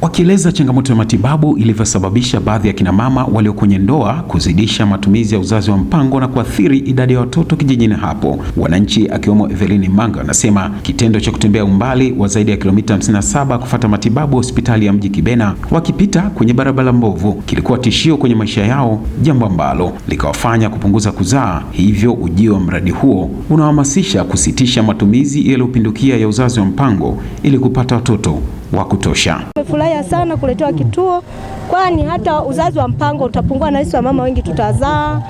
wakieleza changamoto ya matibabu ilivyosababisha baadhi ya mama walio kwenye ndoa kuzidisha matumizi ya uzazi wa mpango na kuathiri idadi ya watoto kijijini hapo. Wananchi akiwemo Evelyn Manga anasema kitendo cha kutembea umbali wa zaidi ya kilomita 57 kufata matibabu hospitali ya mji Kibena, wakipita kwenye barabara mbovu, kilikuwa tishio kwenye maisha yao, jambo ambalo likawafanya kupunguza kuzaa. Hivyo ujio wa mradi huo unahamasisha kusitisha matumizi yaliyopindukia ya uzazi wa mpango ili kupata watoto wa kutosha. Tumefurahia sana kuletewa kituo, kwani hata uzazi wa mpango utapungua na sisi mama wengi tutazaa,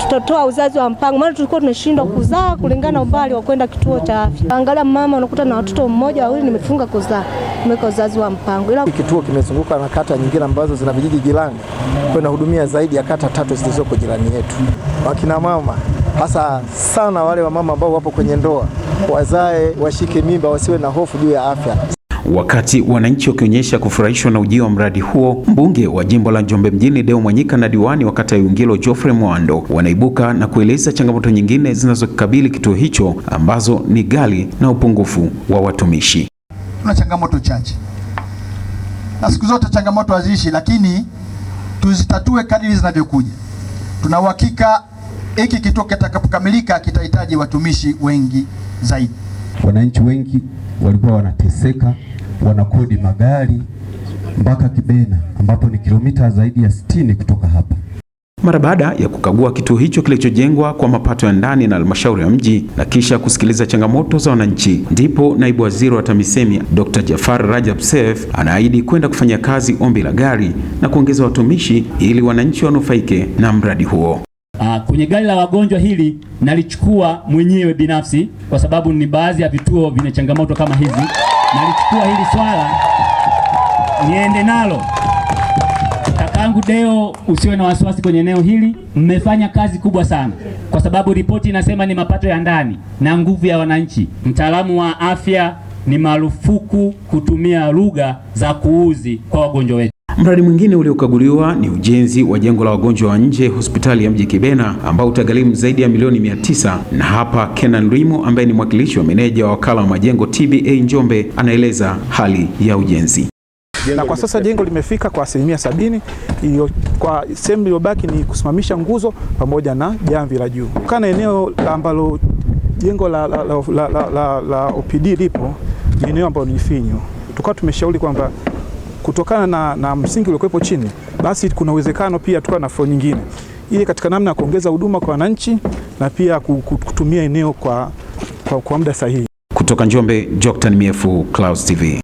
tutatoa uzazi wa mpango, maana tulikuwa tunashindwa kuzaa kulingana umbali wa kwenda kituo cha afya. Angalia mama unakuta na watoto mmoja wawili, nimefunga kuzaa, meka uzazi wa mpango. Ila kituo kimezunguka na kata nyingine ambazo zina vijiji jirani, kwa inahudumia zaidi ya kata tatu zilizoko jirani yetu. Wakina mama hasa sana wale wamama ambao wapo kwenye ndoa, wazae, washike mimba, wasiwe na hofu juu ya afya. Wakati wananchi wakionyesha kufurahishwa na ujio wa mradi huo, mbunge wa jimbo la Njombe mjini Deo Mwanyika na diwani wa kata ya Iwungilo Geoffrey Mwando wanaibuka na kueleza changamoto nyingine zinazokabili kituo hicho ambazo ni ghali na upungufu wa watumishi. Tuna changamoto chache na siku zote changamoto haziishi, lakini tuzitatue kadiri zinavyokuja. Tuna uhakika hiki kituo kitakapokamilika kitahitaji watumishi wengi zaidi. Wananchi wengi walikuwa wanateseka, wanakodi magari mpaka Kibena ambapo ni kilomita zaidi ya sitini kutoka hapa. Mara baada ya kukagua kituo hicho kilichojengwa kwa mapato ya ndani na halmashauri ya mji na kisha kusikiliza changamoto za wananchi, ndipo naibu waziri wa TAMISEMI Dr. Jafar Rajab Seif anaahidi kwenda kufanya kazi ombi la gari na kuongeza watumishi ili wananchi wanufaike na mradi huo kwenye gari la wagonjwa hili nalichukua mwenyewe binafsi, kwa sababu ni baadhi ya vituo vina changamoto kama hizi. Nalichukua hili swala niende nalo. Kakangu Deo, usiwe na wasiwasi kwenye eneo hili, mmefanya kazi kubwa sana, kwa sababu ripoti inasema ni mapato ya ndani na nguvu ya wananchi. Mtaalamu wa afya, ni marufuku kutumia lugha za kuuzi kwa wagonjwa wetu. Mradi mwingine uliokaguliwa ni ujenzi wa jengo la wagonjwa wa nje hospitali ya mji Kibena ambao utagharimu zaidi ya milioni mia tisa. Na hapa Kenan Rimo ambaye ni mwakilishi wa meneja wa wakala wa majengo TBA Njombe anaeleza hali ya ujenzi. na kwa sasa jengo limefika kwa asilimia sabini. Iyo, kwa sehemu iliyobaki ni kusimamisha nguzo pamoja na jamvi la juu. Kana eneo ambalo jengo la, la, la, la, la, la, la OPD lipo ni eneo ambalo ni finyu, tukawa tumeshauri kwamba kutokana na, na msingi uliokuwepo chini, basi kuna uwezekano pia tukawa na flow nyingine ili katika namna ya kuongeza huduma kwa wananchi na pia kutumia eneo kwa, kwa, kwa muda sahihi. Kutoka Njombe, Joctan Myefu, Clouds TV.